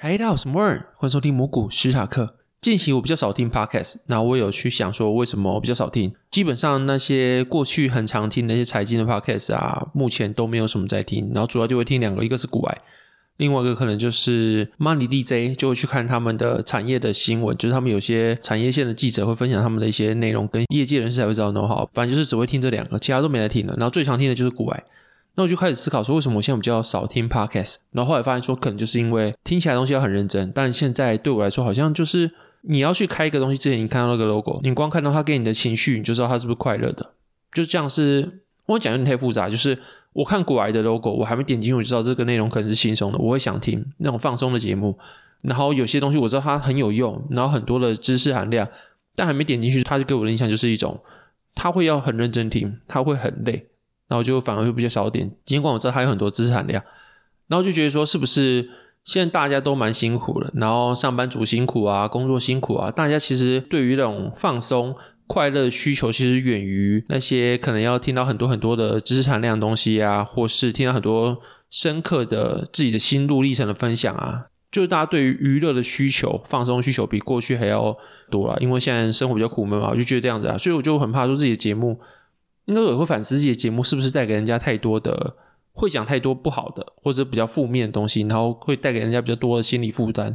Hey，大家好，我是摩爾，歡迎收聽摩股史塔克。近期我比較少聽 podcast，那我有去想說為什麼我比較少聽。基本上那些過去很常聽的一些財經的 podcast 啊，目前都沒有什麼在聽。然後主要就會聽兩個，一個是股癌，另外一個可能就是 Money DJ，就會去看他們的產業的新聞，就是他們有些產業線的記者會分享他們的一些內容，跟業界人士才會知道。know-how，好，反正就是只會聽這兩個，其他都沒來聽了。然後最常聽的就是股癌。那我就開始思考說，為什麼我現在比較少聽 podcast？然後後來發現說，可能就是因為聽起來的東西要很認真。但現在對我來說，好像就是你要去開一個東西之前，你看到那個 logo，你光看到它給你的情緒，你就知道它是不是快樂的。就這樣是，是我講有點太複雜。就是我看股癌的 logo，我還沒點進去，我就知道這個內容可能是輕鬆的，我會想聽那種放鬆的節目。然後有些東西我知道它很有用，然後很多的知識含量，但還沒點進去，它就給我的印象就是一種，它會要很認真聽，它會很累。那我就反而會比較少點，儘管我知道它有很多知識含量，然後就覺得說，是不是現在大家都蠻辛苦了，然後上班族辛苦啊，工作辛苦啊，大家其實對於那種放鬆、快樂的需求，其實遠於那些可能要聽到很多很多的知識含量的東西啊，或是聽到很多深刻的自己的心路歷程的分享啊，就是大家對於娛樂的需求、放鬆需求比過去還要多啦。因為現在生活比較苦悶嘛，我就覺得這樣子啊，所以我就很怕說自己的節目。應該我會反思自己的節目是不是帶給人家太多的，會講太多不好的或者是比較負面的東西，然後會帶給人家比較多的心理負擔。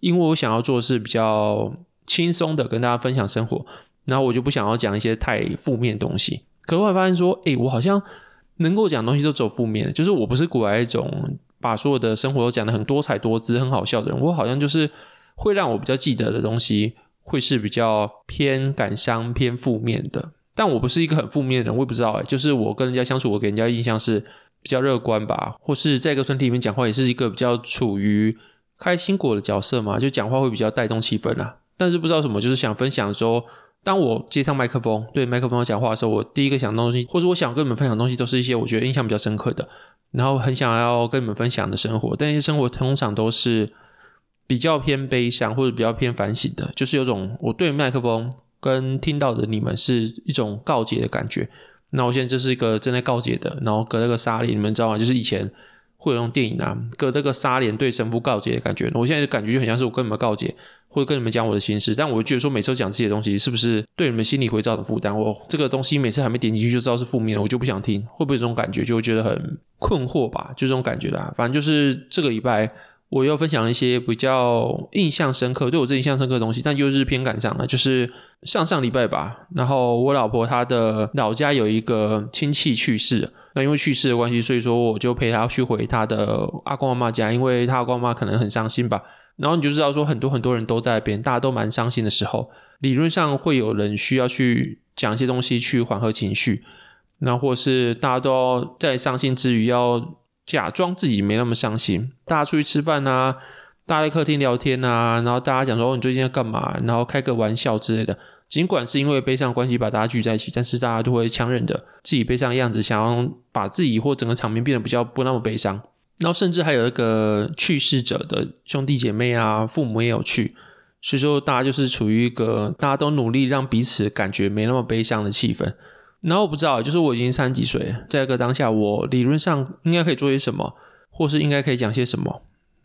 因為我想要做的是比較輕鬆的，跟大家分享生活，然後我就不想要講一些太負面的東西。可是我發現說，哎，我好像能夠講的東西都走負面的，就是我不是古來一種把所有的生活都講的很多彩多姿、很好笑的人，我好像就是會讓我比較記得的東西，會是比較偏感傷、偏負面的。但我不是一個很負面的人，我也不知道、欸。哎，就是我跟人家相處，我給人家印象是比較樂觀吧，或是在一個團體裡面講話，也是一個比較處於開心果的角色嘛，就講話會比較帶動氣氛啦。但是不知道什麼，就是想分享說，當我接上麥克風，對麥克風講話的時候，我第一個想的東西，或者我想跟你們分享的東西，都是一些我覺得印象比較深刻的，然後很想要跟你們分享的生活，但這些生活通常都是比較偏悲傷或者比較偏反省的，就是有種我對麥克風。跟聽到的你們是一種告解的感覺，那我現在就是一個正在告解的，然後隔了個紗簾，你們知道嗎？就是以前會有那種電影啊，隔那個紗簾對神父告解的感覺。我現在的感覺就很像是我跟你們告解或者跟你們講我的心事。但我覺得說每次講這些東西，是不是對你們心理會造成負擔？我、哦、這個東西每次還沒點進去就知道是負面的，我就不想聽。會不會有這種感覺就會覺得很困惑吧？就這種感覺啦、啊。反正就是這個禮拜。我又分享一些比較印象深刻，對我自己印象深刻的東西，但就是偏感傷了。就是上上禮拜吧，然後我老婆她的老家有一個親戚去世，那因為去世的關係，所以說我就陪她去回她的阿公阿嬤家，因為她阿公阿嬤可能很傷心吧。然後你就知道說，很多很多人都在那邊，大家都蠻傷心的時候，理論上會有人需要去講一些東西去緩和情緒，那或是大家都要在傷心之餘要假裝自己沒那麼傷心，大家出去吃飯啊，大家在客廳聊天啊，然後大家講說、哦、你最近在幹嘛，然後開個玩笑之類的。儘管是因為悲傷關係把大家聚在一起，但是大家都會強忍著自己悲傷的樣子，想要把自己或整個場面變得比較不那麼悲傷。然後甚至還有一個去世者的兄弟姐妹啊，父母也有去，所以說大家就是處於一個大家都努力讓彼此感覺沒那麼悲傷的氣氛。然後我不知道，就是我已經三十幾歲了，在這個當下，我理論上應該可以做些什麼，或是應該可以講些什麼，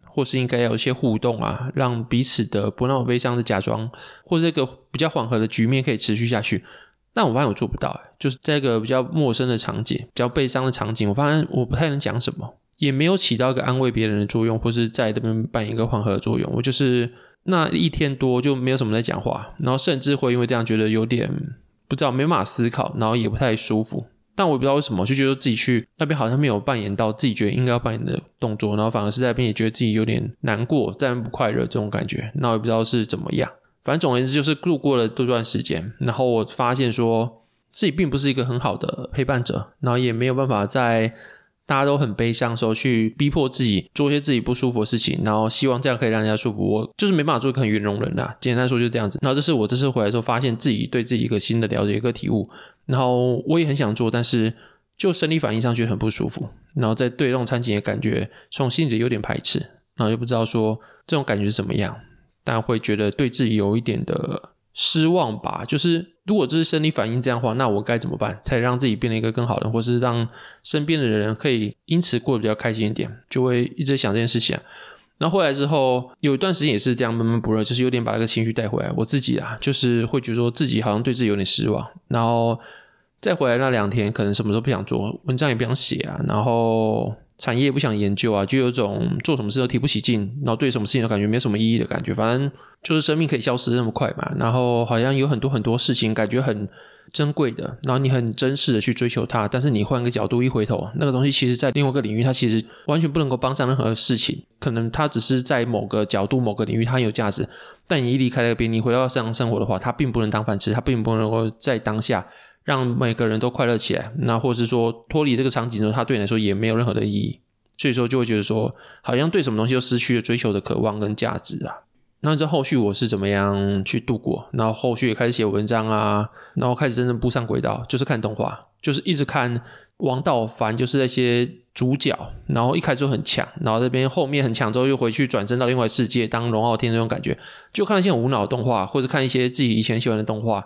或是應該有一些互動啊，讓彼此的不那麼悲傷的假裝，或是一個比較緩和的局面可以持續下去。但我發現我做不到，就是在一個比較陌生的場景、比較悲傷的場景，我發現我不太能講什麼，也沒有起到一個安慰別人的作用，或是在這邊扮演一個緩和的作用。我就是那一天多就沒有什麼在講話，然後甚至會因為這樣覺得有點。不知道沒辦法思考，然後也不太舒服，但我也不知道為什麼，就覺得自己去那邊好像沒有扮演到自己覺得應該要扮演的動作，然後反而是在那邊也覺得自己有點難過，自然不快樂這種感覺，那我也不知道是怎麼樣。反正總而言之，就是路過了這段時間，然後我發現說自己並不是一個很好的陪伴者，然後也沒有辦法在。大家都很悲傷的時候，去逼迫自己做一些自己不舒服的事情，然後希望這樣可以讓人家舒服。我就是沒辦法做一個很圓融人吶、啊。簡單來說就是這樣子。然後這是我這次回來之後，發現自己對自己一個新的了解，一個體悟。然後我也很想做，但是就生理反應上覺得很不舒服。然後在對這種餐前的感覺，從心裡的有點排斥。然後又不知道說這種感覺是怎麼樣，但會覺得對自己有一點的。失望吧，就是如果這是生理反應這樣的話，那我該怎麼辦？才讓自己變得一個更好的，或是讓身邊的人可以因此過得比較開心一點，就會一直想這件事情。然後後來之後有一段時間也是這樣悶悶不樂，就是有點把那個情緒帶回來。我自己啊，就是會覺得說自己好像對自己有點失望。然後再回來那兩天，可能什麼都不想做，文章也不想寫啊，然後。產業不想研究啊，就有種做什麼事都提不起勁，然後對什麼事情都感覺沒什麼意義的感覺。反正就是生命可以消失那麼快嘛，然後好像有很多很多事情感覺很珍貴的，然後你很珍視的去追求它，但是你換一個角度一回頭，那個東西其實在另外一個領域，它其實完全不能夠幫上任何事情。可能它只是在某個角度、某個領域它很有價值，但你一離開那邊，你回到正常生活的話，它並不能當飯吃，它並不能夠在當下。讓每個人都快樂起來，那或是說脫離這個場景的時候，它對你來說也沒有任何的意義，所以說就會覺得說好像對什麼東西都失去了追求的渴望跟價值啊。那這後續我是怎麼樣去度過？然後後續也開始寫文章啊，然後開始真正步上軌道，就是看動畫，就是一直看王道番，就是那些主角，然後一開始就很強，然後這邊後面很強之後又回去轉身到另外世界當龍傲天那種感覺，就看一些很無腦的動畫，或者看一些自己以前喜歡的動畫。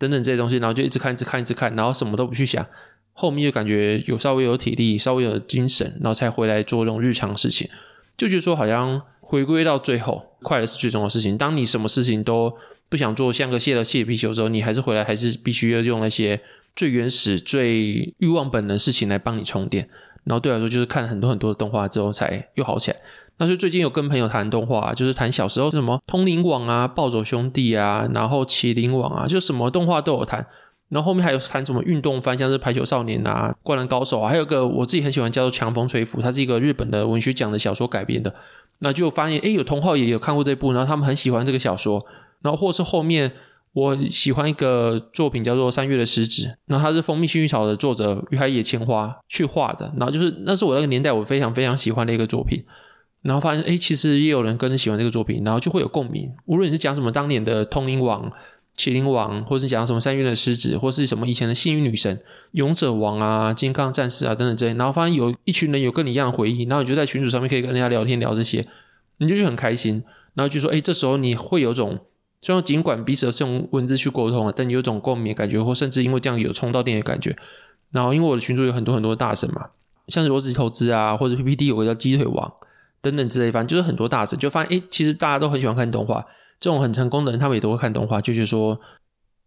等等這些東西，然後就一直看，一直看，一直看，然後什麼都不去想，後面就感覺有稍微有體力，稍微有精神，然後才回來做這種日常的事情，就覺得說好像回歸到最後，快樂是最重要的事情。當你什麼事情都不想做，像個洩了氣的皮球之後，你還是回來，還是必須要用那些最原始、最欲望本能的事情來幫你充電。然後對來說，就是看了很多很多的動畫之後，才又好起來。那就最近有跟朋友談動畫，啊，就是談小時候什麼《通靈王》啊，《暴走兄弟》啊，然後《麒麟王》啊，就什麼動畫都有談。然後後面還有談什麼運動番，像是《排球少年》啊，《灌籃高手》啊，還有個我自己很喜歡叫做《強風吹拂》，它是一個日本的文學獎的小說改編的。那就發現，哎，有同好也有看過這一部，然後他們很喜歡這個小說，然後或是後面。我喜歡一個作品叫做《三月的獅子》，然後它是《蜂蜜幸運草》的作者羽海野千花去畫的，然後就是那是我那個年代我非常非常喜歡的一個作品。然後發現，哎，其實也有人跟著喜歡這個作品，然後就會有共鳴。無論你是講什麼，當年的通靈王、麒麟王，或是講什麼《三月的獅子》，或是什麼以前的幸運女神、勇者王啊、金剛戰士啊等等之類，然後發現有一群人有跟你一樣的回憶，然後你就在群組上面可以跟人家聊天聊這些，你就去很開心。然後就說，哎，這時候你會有種。雖然儘管彼此是用文字去溝通啊，但有種共鳴的感覺，或甚至因為這樣有充到電的感覺。然後因為我的群組，有很多很多大神嘛，像是我自己投資啊，或者 PPT 有個叫雞腿王等等之類的，反正就是很多大神，就發現，哎、欸，其實大家都很喜歡看動畫，這種很成功的人他們也都會看動畫，就是說，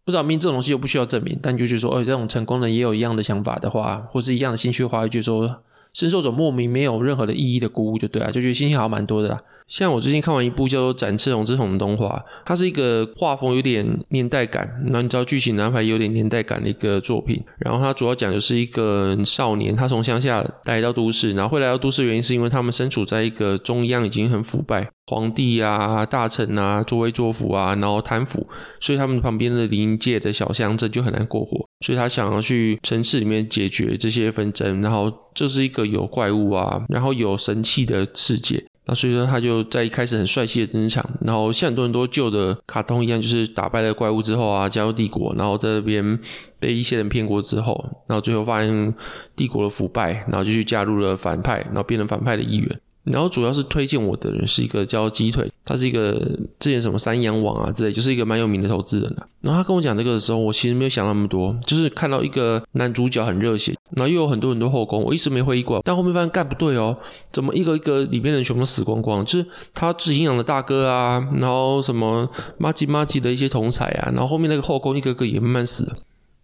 不知道明，明這種東西又不需要證明，但就是說，誒、欸、這種成功的人也有一樣的想法的話，或是一樣的興趣的話，就是、說。深受者莫名沒有任何的意義的鼓舞，就對啊，就覺得心情好蠻多的啦。像我最近看完一部叫做《斬赤紅之瞳》的動畫，它是一個畫風有點年代感，那你知道劇情安排有點年代感的一個作品。然後它主要講就是一個少年，他從鄉下來到都市，然後會來到都市原因是因為他們身處在一個中央已經很腐敗。皇帝啊，大臣啊，作威作福啊，然後貪腐，所以他們旁邊的鄰近的小鄉鎮就很難過活，所以他想要去城市裡面解決這些紛爭，然後這是一個有怪物啊，然後有神器的世界，那所以說他就在一開始很帥氣的登場，然後像很多很多舊的卡通一樣，就是打敗了怪物之後啊，加入帝國，然後在這邊被一些人騙過之後，然後最後發現帝國的腐敗，然後就去加入了反派，然後變成反派的一員。然後主要是推薦我的人是一個叫雞腿，他是一個之前什麼三羊網啊之類，就是一個蠻有名的投資人啊。然後他跟我講這個的時候，我其實沒有想那麼多，就是看到一個男主角很熱血，然後又有很多很多後宮，我一直沒懷疑過。但後面發現幹，不對哦，怎麼一個一個裡面人全部死光光？就是他是營養的大哥啊，然後什麼媽吉媽吉的一些同才啊，然後後面那個後宮一個個也慢慢死了。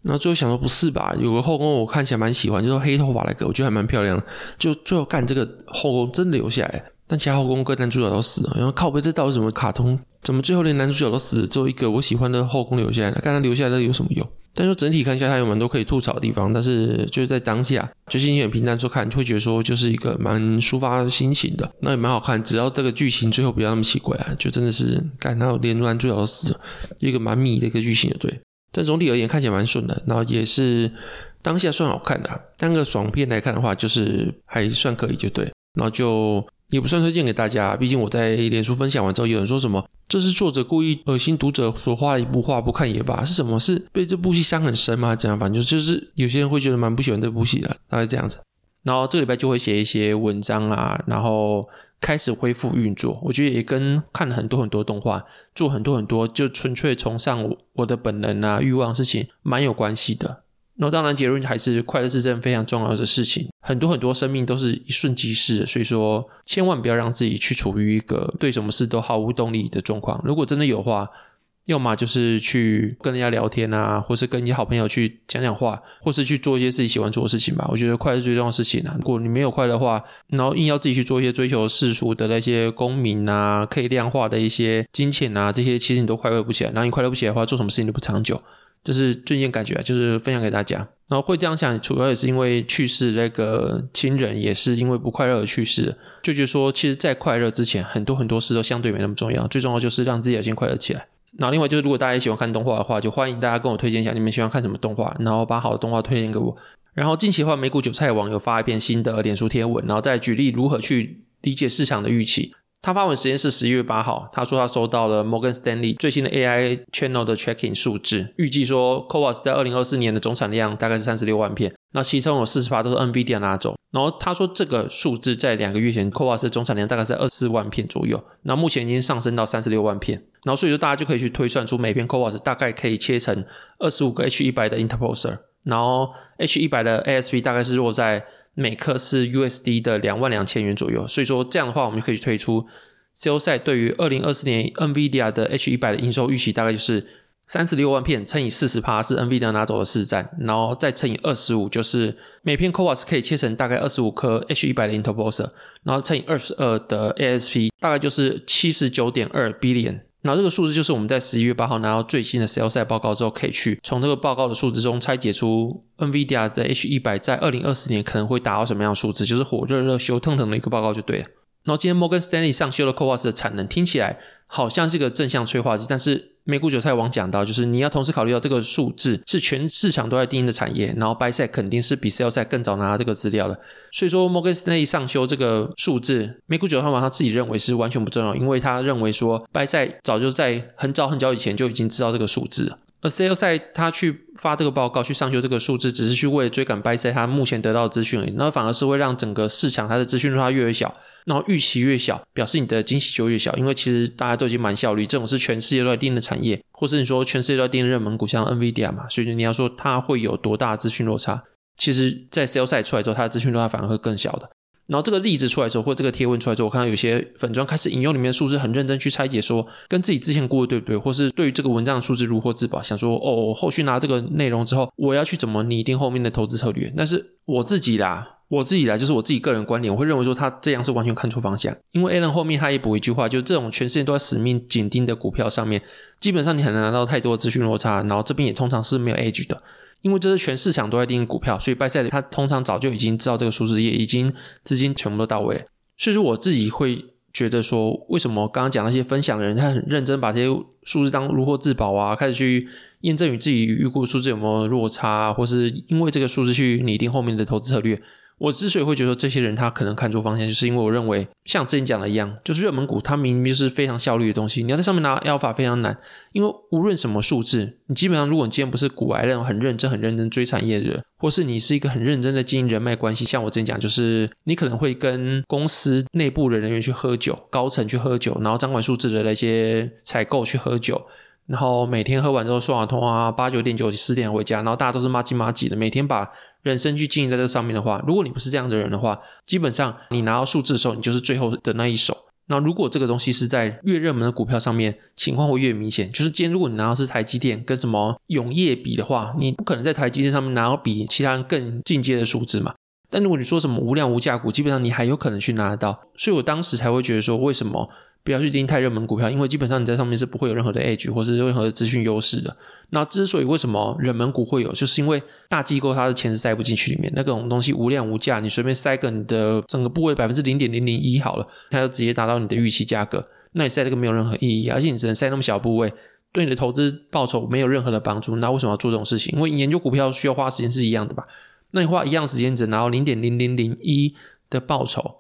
然後最後想說，不是吧，有個後宮我看起來蠻喜歡，就說、是、黑頭髮那個我覺得還蠻漂亮的，就最後幹這個後宮真的留下來，啊，但其他後宮跟男主角都死了，然後靠北這到底是什麼卡通？怎麼最後連男主角都死了，最後一個我喜歡的後宮留下來，看他留下來的有什麼用？但說整體看一下，它有蠻多可以吐槽的地方，但是就是在當下就心情很平淡說看，會覺得說就是一個蠻抒發心情的，那也蠻好看，只要這個劇情最後不要那麼奇怪啊，就真的是幹，然後連男主角都死了，一個蠻迷的一個劇情的，對。但總體而言，看起來蠻順的，然後也是當下算好看的，當個爽片來看的話，就是還算可以就對，然後就也不算推薦給大家，畢竟我在臉書分享完之後，有人說什麼這是作者故意噁心讀者所畫的一幅畫，不看也罷，是什麼？是被這部戲傷很深嗎？怎樣？反正就是有些人會覺得蠻不喜歡這部戲的，大概這樣子。然後這個禮拜就會寫一些文章啊，然後開始恢復運作。我覺得也跟看了很多很多動畫，做很多很多，就純粹崇尚我的本能啊、慾望事情，蠻有關係的。那當然結論還是，快樂是件非常重要的事情。很多很多生命都是一瞬即逝的，所以說千萬不要讓自己去處於一個對什麼事都毫無動力的狀況。如果真的有的話，要麼就是去跟人家聊天啊，或是跟一些好朋友去講講話，或是去做一些自己喜歡做的事情吧。我覺得快樂是最重要的事情啊，如果你沒有快樂的話，然後硬要自己去做一些追求世俗的那些功名啊，可以量化的一些金錢啊，這些其實你都快樂不起來。然後你快樂不起來的話，做什麼事情都不長久。這是最近的感覺啊，就是分享給大家。然後會這樣想，主要也是因為去世那個親人也是因為不快樂而去世的，就覺得說，其實，在快樂之前，很多很多事都相對沒那麼重要，最重要就是讓自己先快樂起來。那另外就是，如果大家也喜歡看動畫的話，就歡迎大家跟我推薦一下你們喜歡看什麼動畫，然後把好的動畫推薦給我。然後近期的話，美股韭菜網友發一篇新的臉書貼文，然後再舉例如何去理解市場的預期。他發文時間是十一月八號，他說他收到了 Morgan Stanley 最新的 AI Channel 的 Tracking 數字，預計說 CoWoS 在二零二四年的總產量大概是三十六萬片。那其中有四十八都是 NVIDIA 拿走，然後他說這個數字在兩個月前 CoWoS 總產量大概是二十四萬片左右，那目前已經上升到三十六萬片，然後所以說大家就可以去推算出每片 CoWoS 大概可以切成二十五個 H 一百的 Interposer，然後 H 一百的 ASP 大概是落在每顆是 USD 的兩萬兩千元左右，所以說這樣的話，我們就可以去推出 sell side 對於二零二四年 NVIDIA 的 H 一百的營收預期大概就是。三十六萬片乘以四十趴，是 NVIDIA 拿走的四十，然後再乘以二十五，就是每片 c o r e s 可以切成大概二十五顆 H 一百的 i n t e r p o s e r，然後乘以二十二的 ASP，大概就是七十九點二 billion。然後這個數字就是我們在十一月八號拿到最新的 s a l 銷售報告之後，可以去從這個報告的數字中拆解出 NVIDIA 在 H 一百在二零二四年可能會達到什麼樣的數字，就是火熱熱修騰騰的一個報告就對了。然後今天摩根 l 丹利上修了 c o 科華斯的產能，聽起來好像是一個正向催化劑，但是美股韭菜網講到，就是你要同時考慮到這個數字是全市場都在盯的產業，然後 Buy e 肯定是比 Sell 賽更早拿到這個資料了，所以說摩根 l 丹利上修這個數字，美股韭菜王他自己認為是完全不重要，因為他認為說 Buy e 早就在很早很早以前就已經知道這個數字了。而 Sell Side 他去發這個報告，去上修這個數字，只是去為了追趕 Buy Side 他目前得到的資訊而已。那反而是會讓整個市場它的資訊落差越來越小，然後預期越小，表示你的驚喜就越小。因為其實大家都已經蠻效率，這種是全世界都在盯的產業，或是你說全世界都在盯的熱門股，像 NVIDIA 嘛。所以你要說它會有多大的資訊落差，其實，在 Sell Side 出來之後，它的資訊落差反而會更小的。然後這個例子出來之後，或者這個貼文出來之後，我看到有些粉專開始引用裡面的數字，很認真去拆解，說跟自己之前過的對不對，或是對於這個文章的數字如獲至寶，想說哦，我後續拿這個內容之後，我要去怎麼擬定後面的投資策略？但是我自己啦。我自己來，就是我自己個人觀點，我會認為說他這樣是完全看錯方向。因為 Alan 後面他也補一句話，就這種全世界都在死命緊盯的股票上面，基本上你很難拿到太多的資訊落差，然後這邊也通常是沒有 edge 的，因為這是全市場都在盯股票，所以 Buy Side 他通常早就已經知道這個數字，也已經資金全部都到位，所以說我自己會覺得說，為什麼剛剛講那些分享的人，他很認真把這些數字當如獲至寶啊，開始去驗證與自己預估數字有沒有落差啊，或是因為這個數字去擬定後面的投資策略。我之所以會覺得說這些人他可能看錯方向，就是因為我認為像之前講的一樣，就是熱門股它明明就是非常效率的東西，你要在上面拿 Alpha 非常難。因為無論什麼數字，你基本上如果你今天不是股癌那種很認真、很認真追產業的人，或是你是一個很認真在經營人脈關係，像我之前講，就是你可能會跟公司內部的人員去喝酒，高層去喝酒，然後掌管數字的那些採購去喝酒，然後每天喝完之後刷牙、通啊，八九點九十點回家，然後大家都是麻吉麻吉的，每天把。人生去經營在這上面的話，如果你不是這樣的人的話，基本上你拿到數字的時候，你就是最後的那一手。那如果這個東西是在越熱門的股票上面，情況會越明顯。就是今天如果你拿到是台積電跟什麼永業比的話，你不可能在台積電上面拿到比其他人更進階的數字嘛。但如果你說什麼無量無價股，基本上你還有可能去拿得到。所以我當時才會覺得說，為什麼？不要去盯太熱門股票，因為基本上你在上面是不會有任何的 edge 或是任何的資訊優勢的。那之所以為什麼熱門股會有，就是因為大機構它的錢是塞不進去裡面，那個、種東西無量無價，你隨便塞個你的整個部位百分之零點零零一好了，它就直接達到你的預期價格，那你塞這個沒有任何意義，而且你只能塞那麼小部位，對你的投資報酬沒有任何的幫助。那為什麼要做這種事情？因為你研究股票需要花時間是一樣的吧？那你花一樣時間，只拿到零點零零零一的報酬。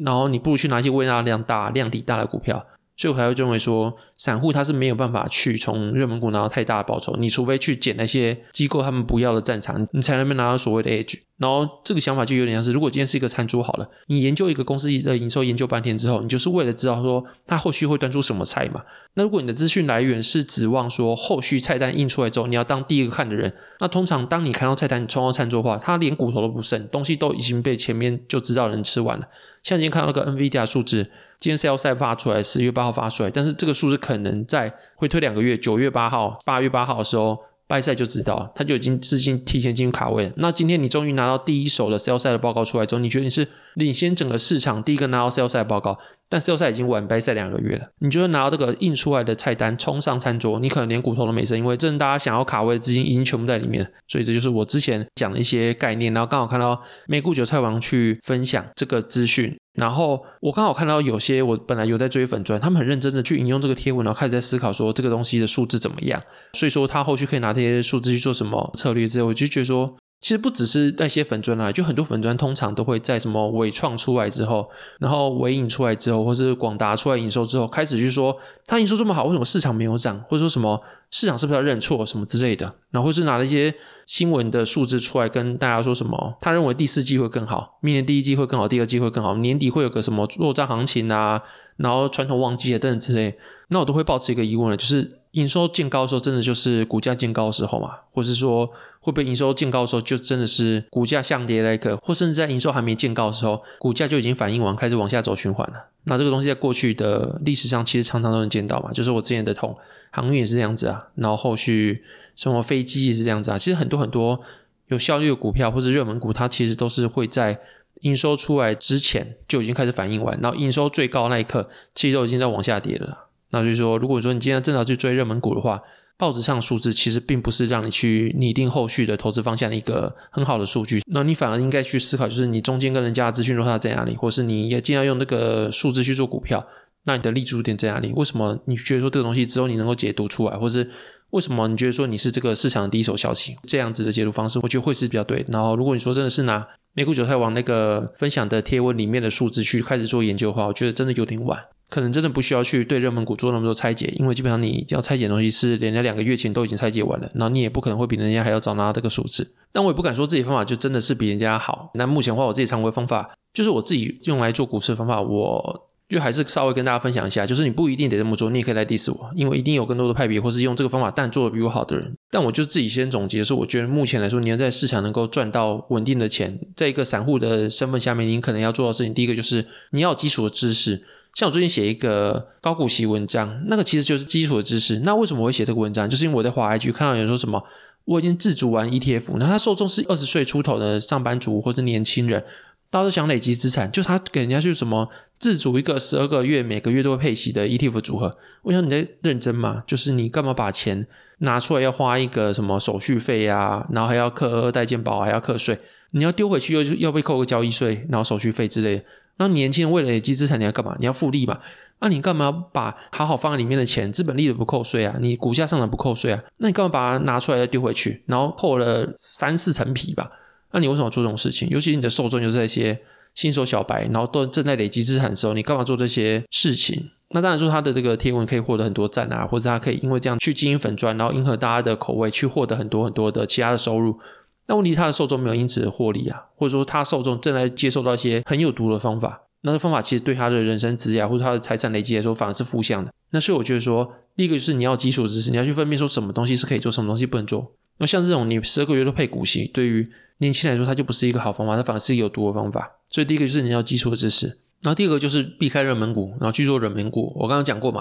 然後你不如去拿一些 volume 大，量大，量底大的股票，所以我才會認為說，散戶他是沒有辦法去從熱門股拿到太大的報酬，你除非去撿那些機構他們不要的戰場，你才能夠拿到所謂的 edge。然後這個想法就有點像是，如果今天是一個餐桌好了，你研究一個公司呃營收研究半天之後，你就是為了知道說它後續會端出什麼菜嘛？那如果你的資訊來源是指望說後續菜單印出來之後，你要當第一個看的人，那通常當你看到菜單你衝到餐桌的話，它連骨頭都不剩，東西都已經被前面就知道的人吃完了。像今天看到那個 NVIDIA 的數字，今天財報在發出來，十月八號發出來，但是這個數字可能在回推兩個月，九月八號、八月八號的時候，拜賽就知道了，他就已經資金提前進入卡位了。那今天你終於拿到第一手的 sell 賽的報告出來之後，你覺得你是領先整個市場第一個拿到 sell 賽報告，但 sell 賽已經晚拜賽兩個月了。你就會拿到這個印出來的菜單衝上餐桌，你可能連骨頭都沒剩，因為這大家想要卡位的資金已經全部在裡面了。所以這就是我之前講的一些概念，然後剛好看到美股韭菜王去分享這個資訊。然後我剛好看到有些我本來有在追粉專，他們很認真的去引用這個貼文，然後開始在思考說這個東西的數字怎麼樣。所以說他後續可以拿這些數字去做什麼策略之類，我就覺得說。其實不只是那些粉專啊，就很多粉專通常都會在什麼緯創出來之後，然後緯穎出來之後，或是廣達出來營收之後，開始去說他營收這麼好，為什麼市場沒有漲？或者說什麼市場是不是要認錯什麼之類的？然後或是拿了一些新聞的數字出來跟大家說什麼？他認為第四季會更好，明年第一季會更好，第二季會更好，年底會有個什麼做帳行情啊，然後傳統旺季等等之類，那我都會抱持一個疑問了，就是。營收見高的時候，真的就是股價見高的時候嘛？或是說，會不會營收見高的時候就真的是股價下跌的那一刻，或甚至在營收還沒見高的時候，股價就已經反應完，開始往下走循環了？那這個東西在過去的歷史上其實常常都能見到嘛。就是我之前的銅航運也是這樣子啊，然後後續什麼飛機也是這樣子啊。其實很多很多有效率的股票或是熱門股，它其實都是會在營收出來之前就已經開始反應完，然後營收最高那一刻，其實都已經在往下跌了。那就是說，如果說你今天正常去追熱門股的話，報紙上數字其實並不是讓你去擬定後續的投資方向的一個很好的數據。那你反而應該去思考，就是你中間跟人家的資訊落差在哪裡，或是你也盡量用那個數字去做股票，那你的立足點在哪裡？為什麼你覺得說這個東西只有你能夠解讀出來，或是為什麼你覺得說你是這個市場的第一手消息？這樣子的解讀方式，我覺得會是比較對的。然後，如果你說真的是拿美股韭菜王那個分享的貼文裡面的數字去開始做研究的話，我覺得真的有點晚。可能真的不需要去對熱門股做那麼多拆解，因為基本上你要拆解的東西是人家兩個月前都已經拆解完了，然後你也不可能會比人家還要早拿到這個數字。但我也不敢說自己的方法就真的是比人家好。那目前的話，我自己常規方法就是我自己用來做股市的方法，我就還是稍微跟大家分享一下。就是你不一定得這麼做，你也可以來 diss 我，因為一定有更多的派別或是用這個方法但做的比我好的人。但我就自己先總結、就是，是我覺得目前來說，你要在市場能夠賺到穩定的錢，在一個散戶的身份下面，你可能要做到的事情，第一個就是你要有基礎的知識。像我最近寫一個高股息文章，那個其實就是基礎的知識。那為什麼我會寫這個文章？就是因為我在華萊居看到有人說什麼，我已經自足完 ETF，那他受眾是二十歲出頭的上班族或者年輕人。倒是想累積資產，就是他給人家就是什麼自主一個十二個月每個月都會配息的 ETF 組合。我想你在認真嘛？就是你幹嘛把錢拿出來要花一個什麼手續費啊，然後還要扣二代健保、啊，還要扣稅。你要丟回去又又要被扣個交易稅，然後手續費之類的。那年輕人為了累積資產，你要幹嘛？你要複利嘛。那你幹嘛把好好放在裡面的錢，資本利得不扣稅啊？你股價上漲不扣稅啊？那你幹嘛把它拿出來再丟回去，然後扣了三四層皮吧？那你為什麼要做這種事情？尤其是你的受眾就是那些新手小白，然後都正在累積資產的時候，你幹嘛做這些事情？那當然說他的這個貼文可以獲得很多讚啊，或者他可以因為這樣去經營粉專，然後迎合大家的口味去獲得很多很多的其他的收入。那問題他的受眾沒有因此獲利啊，或者說他受眾正在接受到一些很有毒的方法，那這方法其實對他的人生值啊或者他的財產累積來說反而是負向的。那所以我覺得說，第一個就是你要基礎知識，你要去分辨說什麼東西是可以做，什麼東西不能做。那像這種你十二個月都配股息，對於年輕人來說，它就不是一個好方法，它反而是一個有毒的方法。所以第一個就是你要基礎的知識，然後第二個就是避開熱門股，然後去做冷門股。我剛剛講過嘛，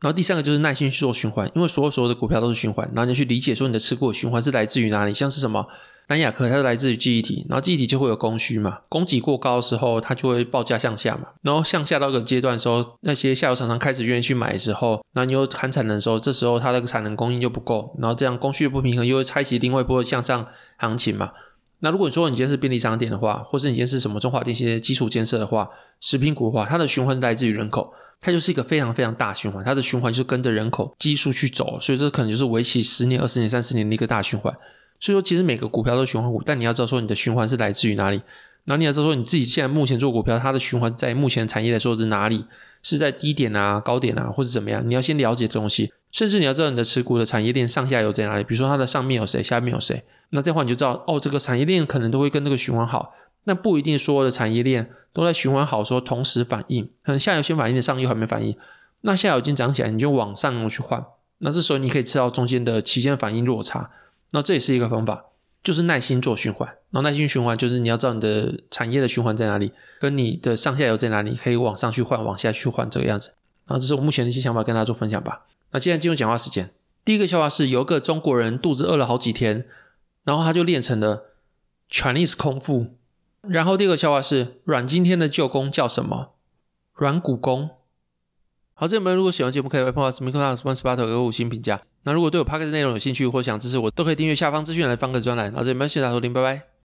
然後第三個就是耐心去做循環，因為所有所有的股票都是循環，然後你去理解說你的持股循環是來自於哪裡，像是什麼。南亞科它就來自於記憶體，然後記憶體就會有供需嘛，供給過高的時候，它就會報價向下嘛，然後向下到一個階段的時候，那些下游廠商開始願意去買的時候，那你又砍產能的時候，這時候它的產能供應就不夠，然後這樣供需不平衡又會拆啟另外一波向上行情嘛。那如果你說你今天是便利商店的話，或是你今天是什麼中華電信基礎建設的話，食品股的話，它的循環來自於人口，它就是一個非常非常大循環，它的循環就是跟着人口基數去走，所以這可能就是維持十年、二十年、三十年的一個大循環。所以說，其實每個股票都循環股，但你要知道說你的循環是來自於哪裡。那你要知道說你自己現在目前做股票，它的循環在目前產業來說是哪裡？是在低點啊、高點啊，或者怎麼樣？你要先了解這東西，甚至你要知道你的持股的產業鏈上下游在哪裡。比如說它的上面有誰，下面有誰，那這樣話你就知道哦，這個產業鏈可能都會跟那個循環好，那不一定所有的產業鏈都在循環好的時候同時反應，可能下游先反應，上游還沒反應。那下游已經漲起來，你就往上去換，那這時候你可以吃到中間的期間反應落差。那這也是一個方法，就是耐心做循環。然後耐心循環就是你要知道你的產業的循環在哪裡，跟你的上下游在哪裡，可以往上去換，往下去換這個樣子。然後這是我目前的一些想法，跟大家做分享吧。那現在進入講話時間。第一個笑話是有個中國人肚子餓了好幾天，然後他就練成了 Chinese 空腹。然後第二個笑話是阮經天的舅公叫什麼？軟骨功。好，這裡面如果喜歡節目可以為 Podcast MixerBox Spotify 投個五星評價。那如果對我 podcast 內容有興趣或想支持我，都可以訂閱下方資訊欄方格子專欄。好，這邊謝謝大家收聽，拜拜。